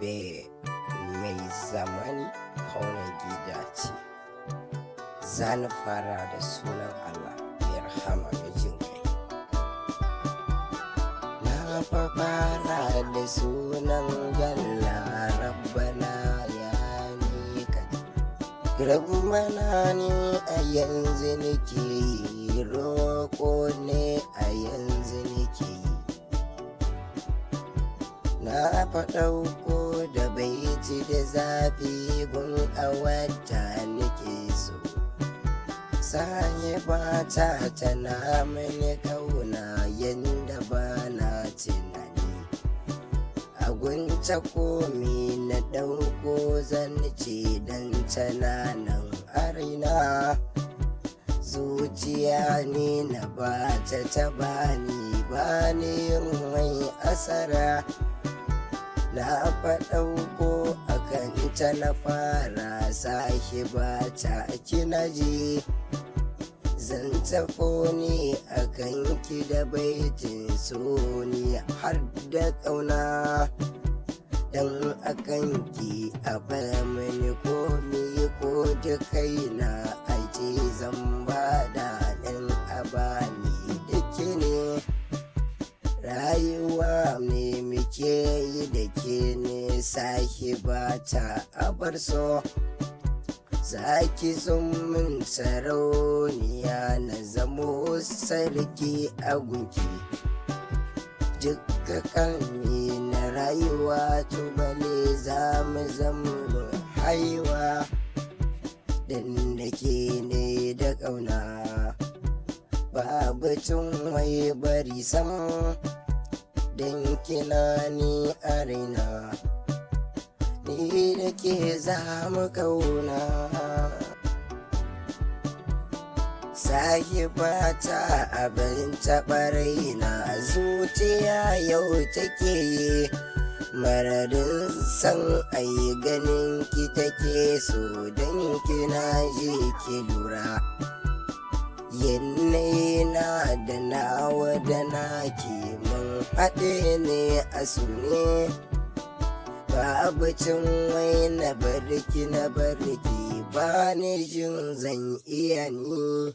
be mai zamani kawai gida ce za na fara da sunan allah ya rahama da jin kai na fara da sunan allah rabbana ya ni ka mana ne a yanzu nake yi roƙo ne a yanzu nake yi na faɗa da zafi gun a wata nake so ba ta tana mini kauna yadda ba na tunani agunta komi na ɗauko ce don tana nan arina zuciya ne na ba ta taba ni ba ne mai asara na faɗauko a kan ta na fara shi ba ta kinaji zan tafo ne a kan ki da baitin soni har da ƙauna dan a kan ki a bar ko komi ko da na aji zan ba da ɗan abani da ne rayuwa yi da ke ne ba ta abar so zaki min sarauniya na zamo sarki a gunki dukka kalmi na rayuwa tubale za mu zama haiwa dan da ke ne da ƙauna babu tun wai bari sama don ni a raina ni da ke za mu kauna sahiba ta abin taɓa raina zuciya yau take yi mararin san ayi ganin ki take so don kina ji ki lura yanayi na da nawa da naki haɗe ne a sune ba abincin wai na bariki na bariki ba ni jin zan iya ni